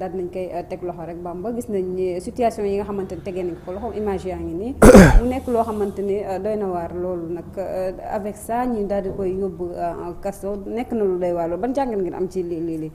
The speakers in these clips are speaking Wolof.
daal nañ koy eh, teg loxo rek Bamba gis nañ ni situation yi nga xamante ni tegee nañ ko loxo image yaa ngi nii mu nekk loo xamante ni eh, doy na waar loolu nag eh, avec saa ñu daal di koy yóbbu kaso nekk na lu doy waar loolu ban jàngat ngeen am ci lii lii lii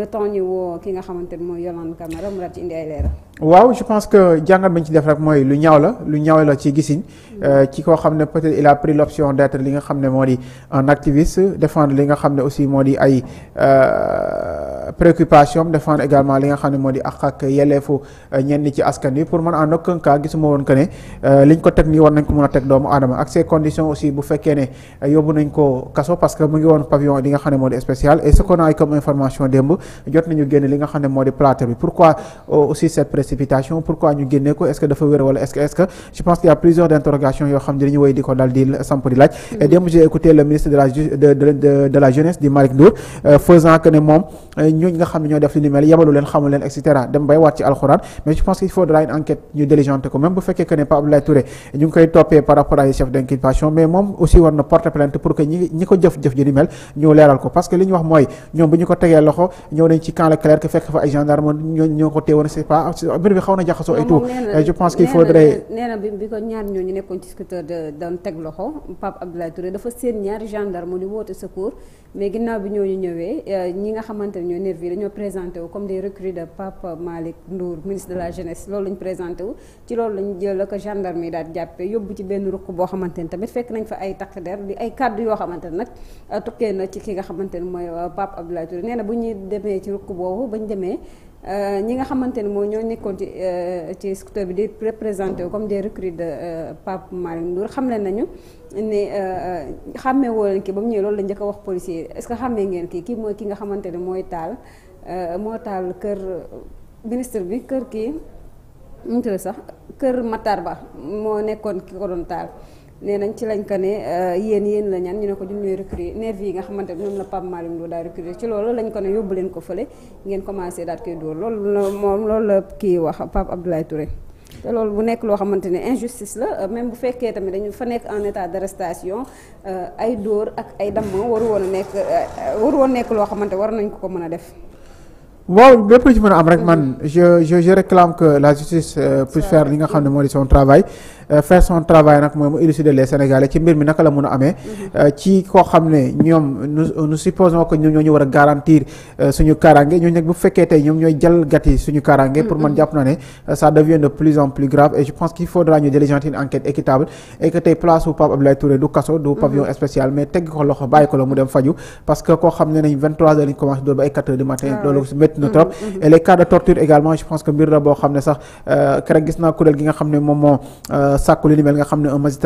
le temps ñu woo ki nga xamante ni mooy Yolande Camara mu daal ci indi ay leeral waaw je pense que jàngat bi ci def rek mooy lu ñaaw la lu ñaaw la ci gisin euh, ci koo xam ne peut-être il a pris l'option d'être li nga xam ne moo di un activiste défendre li nga xam ne aussi moo di ay euh, préoccupation défendre également li nga xam ne moo di àq ak yelleefu euh, ñenn ci askan wi pour man en aucun cas gisuma woon que ne liñ ko teg nii war nañ ko mën a teg doomu aadama ak ces conditions aussi bu fekkee ne yóbbu nañ ko kaso parce que mu ngi woon pavillon li nga xam ne moo di spécial et ce qu'on a comme information démb jot nañu génn li nga xam ne moo di plateau précipitation pourquoi ñu génne ko est-ce que dafa wér wala est-ce que je pense qu'il y plusieurs d'interrogations yoo xam ne dañu woy di ko daal di samp di laaj mm-hmm. et démb j'ai écouté le ministre de la jeunesse di Malick Ndour euh, faisant que ne moom euh, ñooñu nga xam ne ñoo def li ni mel yabalu leen xamul leen dem bay waat ci alxuraan mais je pense qu'il faudra une enquête ñu diligente ko même bu fekkee que ne Pape Abdoulaye Touré ñu ngi koy toppee par rapport ay chef d'inculpation mbir bi xaw na jaxasoo et tout je pense qu'il faudrait nee na bi ko ñaar ñooñu nekkoon ci scooter doon teg loxo Pape Abdoulaye Touré dafa seen ñaari gendarme di woote secours mais ginnaaw bi ñoo ñu ñëwee euh, ñi nga xamante ne ñooy nervi dañoo présenté wu comme des recrues de Pape Malick Ndour ministre de la jeunesse loolu lañ présenté ci loolu lañ jël la ko gendarme yi daal jàppee yóbbu ci benn ruq boo xamante ne tamit fekk nañ fa ay takk der di ay kàddu yoo xamante ne nag euh, tukkee na ci ki nga xamante ne mooy euh, Pape Abdoulaye nee na bu ñuy demee ci ruq boobu bañ demee Euh, ñi nga xamante ne moo ñoo nekkoon ci euh, ci scooter bi di représenté comme de recrues de euh, Pape Malick Ndour xamle nañu ni xàmmee woo leen kii ba mu ñëwee loolu la njëkk a wax policier est-ce que xàmmee ngeen kii kii mooy ki nga xamante ne mooy taal moo taal kër ministre bi kër kii mu sax kër Matar Ba moo nekkoon ki ko doon taal. nee nañ ci lañ ko ne euh, yéen yéen la ñan ñu ne ko ñun ñooy recruter nervi yi nga xamante ne ñoom la Pape Malick Ndour daal recruter ci loolu lañ ko ne yóbbu leen ko fële ngeen commencé daal koy dóor loolu la moom loolu la kii wax Pape Abdoulaye Touré. te loolu bu nekk loo xamante ne injustice la euh, même bu fekkee tamit dañu fa nekk en état d'arrestation euh, ay dóor ak ay damm waru woon a nekk waru woon nekk loo xamante war nañ ko ko mën a def. waaw lépp ci mën a am rek man mhm. je je réclame que la justice euh, faire li nga xam ne moo di son travail euh, faire son travail nag mooy mu élucider les Sénégalais ci mbir mi naka la mën a amee mhm. euh, ci koo xam ne ñoom nous nous supposons que ñoom ñoo ñu war euh, suñu kaaraange ñooñu nag bu fekkee tey ñoom ñooy jalgati suñu kaaraange pour man mhm. jàpp na ne ça devient de plus en plus grave et je pense qu'il faudra ñu diligenter une enquête équitable et que tey place u Pape métti na mm-hmm. trop mm-hmm. et les cas euh, moo euh, sàkku li ni mel nga xam ne moo di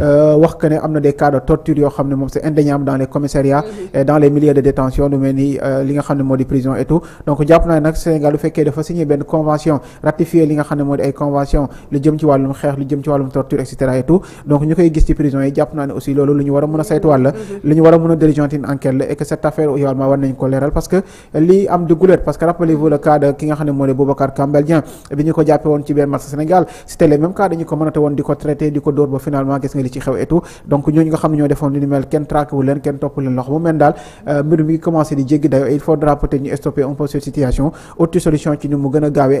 euh, yoo moom c'est indéniable dans les commissariats mm-hmm. et prison et donc jàpp naa ne nag Sénégal lu fekkee dafa signé benn convention ratifié li nga xam ne moo di ay convention lu jëm ci wàllum xeex lu jëm ci wàllum torture et cetera donc ñu koy gis ci prison yi jàpp naa ne aussi loolu lu ñu war a mën a saytuwaat la lu ñu war a a diligenter une enquête la et que cette affaire également war nañ ko leeral parce que que lii am du gulet parce que rappelez-vous le cas ki nga xam ne moo di Boubacar Kambel bi ñu ko jàppe woon ci benn match Sénégal c'était le même cas dañu ko mënate woon di ko traité di ko dóor ba finalement gis nga li ci xew et donc ñooñu nga xam ne ñoo defoon li ni mel kenn traqué wu leen kenn topp leen loxo mu mel daal euh, mbir mi ngi di jéggi dayo il faudra peut-être ñu stopper un peu cette situation autre solution ci ñu mu gën gaawee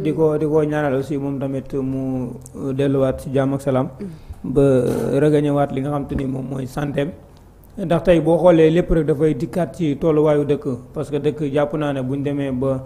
di ko di ko ñaanal aussi moom tamit mu euh, delluwaat ci jàmm ak salaam. Mm. ba regañe waat li nga xam te ni moom mooy santeem ndax tey boo xoolee lépp rek dafay dikkaat ci tolluwaayu dëkk parce que dëkk jàpp naa ne bu ñu demee ba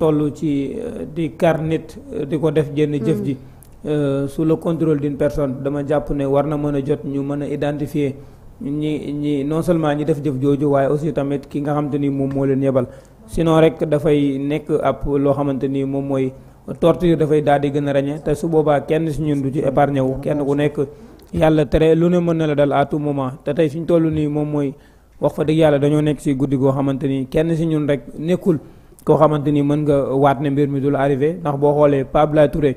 toll ci euh, di kar nit euh, di ko def jenn jëf ji. Mm. sous le contrôle d'une personne dama jàpp ne war na mën a jot ñu mën a identifier ñi ñi non seulement ñi def jëf jooju waaye aussi tamit ki nga xam te ni moom moo leen yebal. sinon rek dafay nekk ab loo xamante ni moom mooy torture dafay daal di gën a te su boobaa kenn si ñun du ci épargne wu kenn ku nekk yàlla tere lu ne mën na la dal à tout moment te tey fi ñu toll nii moom mooy wax fa dëgg yàlla dañoo nekk si guddi goo xamante ni kenn si ñun rek nekkul koo xamante ni mën nga waat ne mbir mi dul la ndax boo xoolee Pape Abdoulaye Touré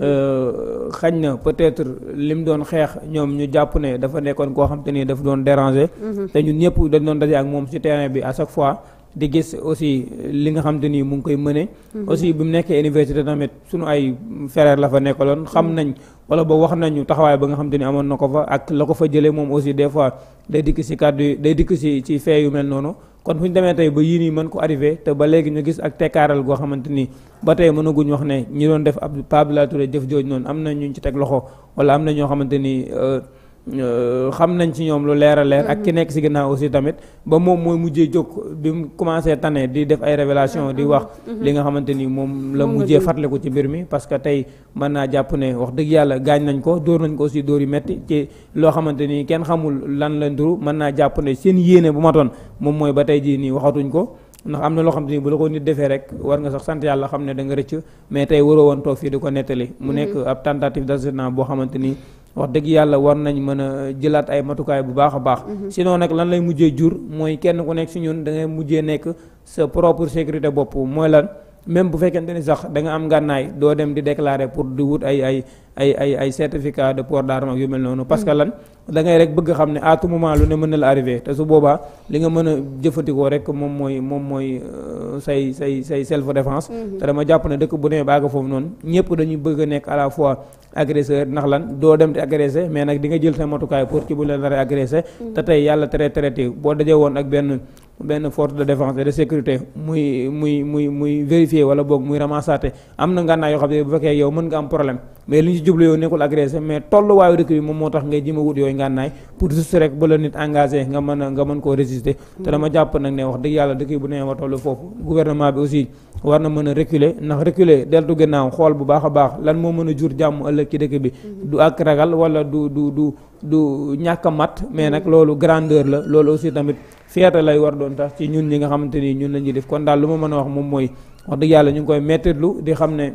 euh, xañ na peut-être lim doon xeex ñoom ñu jàpp ne dafa nekkoon koo xamante ni dafa doon déranger. Mm-hmm. moom si terrain bi à chaque fois. di gis aussi li nga xam ni mu ngi koy mëne mhm. aussi bu mu nekkee université tamit suñu ay frère la fa nekkaloon xam mhm. nañ wala ba wax nañu taxawaay ba nga xam ni amoon na ko fa ak la ko fa jëlee moom aussi des fois day dikk si kàddu day dikk si ci fee yu mel noonu kon fu ñu demee tey ba yii nii mën ko arriver te ba léegi ñu gis ak tekkaaral goo xamante ni ba tey mënaguñ wax ne ñi doon def ab Pape Touré jëf jooju noonu am na ñu ci teg loxo wala am na ñoo xamante ni euh, Euh, xam nañ ci ñoom lu leer leer ak ki nekk si ginnaaw aussi tamit ba moom mooy mujjee jóg bi mu commencé tane di def ay révélation di wax li nga xamante ni moom la mujjee ko ci mbir mi parce que tey mën naa jàpp ne wax dëgg yàlla gaañ nañ ko dóor nañ ko aussi dóor yu metti ci loo xamante ni kenn xamul lan la nduru mën naa jàpp ne seen yéene bu matoon moom mooy ba tey jii nii waxatuñ ko ndax am na loo xam te bu la ko nit defee rek war nga sax sant yàlla xam ne da nga rëcc mais tey waroo woon toog fii di ko nettali mu mm-hmm. nekk ab tentative d'assassinat boo xamante ni wax dëgg yàlla war nañ mën a jëlaat ay matukaay bu baax a baax si mhm. sinon nag lan lay mujjee jur mooy kenn ku nekk si ñun da ngay mujjee nekk sa propre sécurité bopp mooy lan même bu fekkente ni sax danga am ngànnaay doo dem di déclarer pour di wut ay ay ay ay ay certificat de port d'arme ak yu mel noonu. parce que mm. lan da ngay rek bëgg xam ne à tout lu ne mën na la arrivé te su boobaa li nga mën a jëfandikoo rek moom mooy moom mooy euh, say say say self défense. Mm-hmm. te dama jàpp ne dëkk bu demee baaga foofu noonu ñëpp dañuy bëgg a nekk à la fois agresseur ndax lan doo dem di agressé mais nag di nga jël sa matukaay pour ci bu la nar a agressé. Mm-hmm. te tey yàlla traité traité boo dajee woon ak benn. benn force de défense et de sécurité muy muy muy muy vérifier wala boog muy ramassaate am na ngànnaay yoo xam ne bu fekkee yow mën nga am problème mais li ñu ci jublu yow nekkul agressé mais tolluwaayu dëkk bi moom moo tax ngay jima wut yooyu ngànnaay pour juste rek ba nit engagé nga mën nga mën koo résister te dama jàpp nag ne wax dëgg yàlla dëkk bi bu nee ma toll foofu gouvernement bi aussi war na mën a reculer ndax reculer deltu gannaaw xool bu baax a baax lan moo mën a jur jàmm ëllëg ci dëkk bi mm-hmm. du ragal wala du du du du ñàkk a mais nag mm-hmm. loolu grandeur la loolu aussi tamit fiyata lay war doon tax ci ñun ñi nga xamante ni ñun la ñuy def kon daal lu ma mën a wax moom mooy wax dëgg yàlla ñu ngi koy mettitlu di xam ne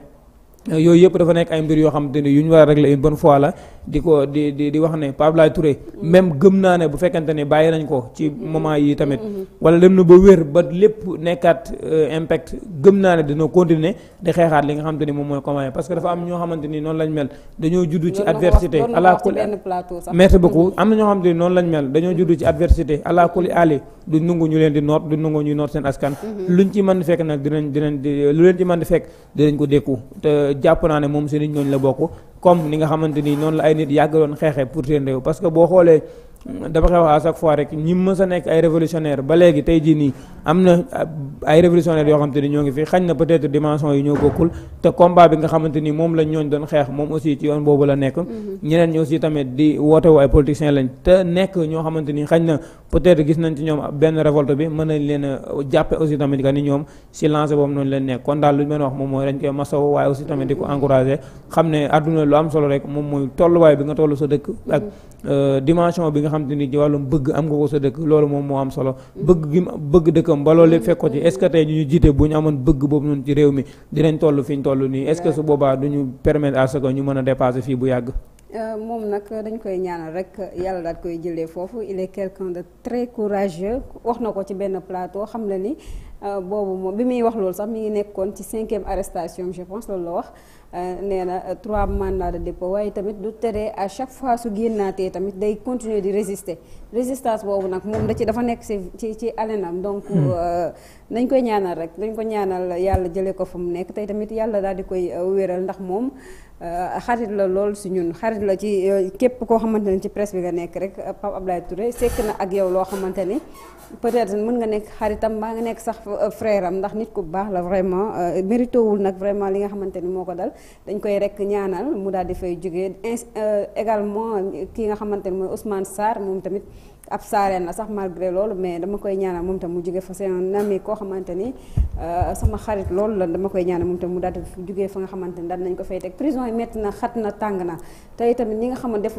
yooyu yëpp dafa nekk ay mbir yoo xamante ni yu ñu war a régler une bonne fois la di ko di di wax ne Pape Laye Touré même gëm naa ne bu fekkente ne bàyyi nañ ko ci moment yi tamit wala dem na ba wér ba lépp nekkaat euh, impact gëm naa ne dina continuer di xeexaat li nga xamante ni moom mooy combat parce que dafa am ñoo xamante ni noonu lañ mel dañoo juddu ci adversité ala kul merci na ñoo xamante ni noonu lañ mel dañoo juddu ci adversité ala kuli ali du nungu ñu leen di noot du nungu ñuy noot seen askan mhm. luñ ci mën di nag dinañ dinañ lu leen ci man di fekk dinañ ko dékku jàpp naa ne moom seen ñooñ la bokk comme ni nga xamante ni noon la ay nit yàgg doon xeexee pour seen réew parce que boo xoolee dama koy wax à chaque fois rek ñi mës a nekk ay révolutionnaire ba léegi tey jii nii am na ah, ay révolutionnaire yoo xamante ni ñoo ngi fi xañ na peut-être dimension yi ñoo bokkul te combat bi nga ni moom la ñooñ doon xeex moom aussi ci boobu la nekk mm-hmm. ñeneen ñi aussi tamit woote wu ay politiciens lañ te nekk ñoo xamante ni xañ na peut-être gis nañ ñoom benn révolte bi mën nañ leen a jàppe aussi que ni ñoom si lancé boobu noonu leen nekk daal lu ñu moom mooy dañ koy masaw waaye aussi tamit di ko mm-hmm. encouragé xam ne àdduna lu am solo rek moom mooy tolluwaay bi nga toll sa dëkk ak mm-hmm. Euh, dimension bi nga xam te ni ci wàllum bëgg am nga ko sa dëkk loolu moom moo am solo bëgg gi bëgg dëkkam ba loolu fekk ko ci est-ce que tey ñu ñu jiite bu ñu amoon bëgg boobu noonu ci réew mi dinañ toll fi ñu toll nii est-ce su boobaa du ñu permettre à ce que ñu mën a dépasser fii bu yàgg euh, moom nag dañ koy ñaanal rek yàlla daal koy jëlee foofu il est quelqu'un de très courageux wax na ko ci benn plateau xam na ni Euh, boobu moom bi muy wax loolu sax mi ngi nekkoon ci cinquième arrestation je pense loolu la wax euh, nee na euh, trois mandats de dépôt waaye tamit du tere à chaque fois su génnaatee tamit day continuer di résister résistance boobu nag moom da ci dafa nekk ci ci ci alenam donc dañ hmm. koy ñaanal rek dañ ko ñaanal yàlla jëlee ko fa mu nekk tey tamit yàlla daal di koy wéral ndax moom xarit la lool si ñun xarit la ci képp koo xamante ne ci presse bi nga nekk rek Pape Abdoulaye ak yow loo xamante ni Euh, frère am ndax nit ku baax la vraiment euh, mérité wul nag vraiment li nga xamante ni moo ko dal dañ koy rek ñaanal mu daal di fay jógee euh, également ki nga xamante ni mooy Ousmane Sarr moom tamit ab saareen la sax malgré loolu mais dama koy ñaanal moom tam mu jóge fa seen ami koo xamante ni sama xarit loolu la dama koy ñaanal moom tam mu daal di jógee fa nga xamante ni daal nañ ko fay teg prison yi métti na xat na tàng na te itamit ñi nga xamante def